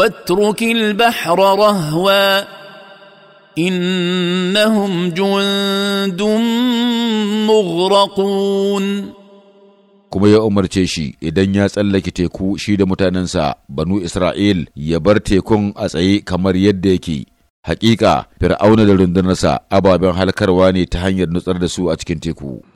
واترك البحر رهوا انهم جند مغرقون kuma ya umarce shi idan ya tsallake teku shi da mutanensa banu Isra'il ya bar tekun a tsaye kamar yadda yake. Hakika, fir'auna da rundunarsa ababen halkarwa ne ta hanyar nutsar da su a cikin teku.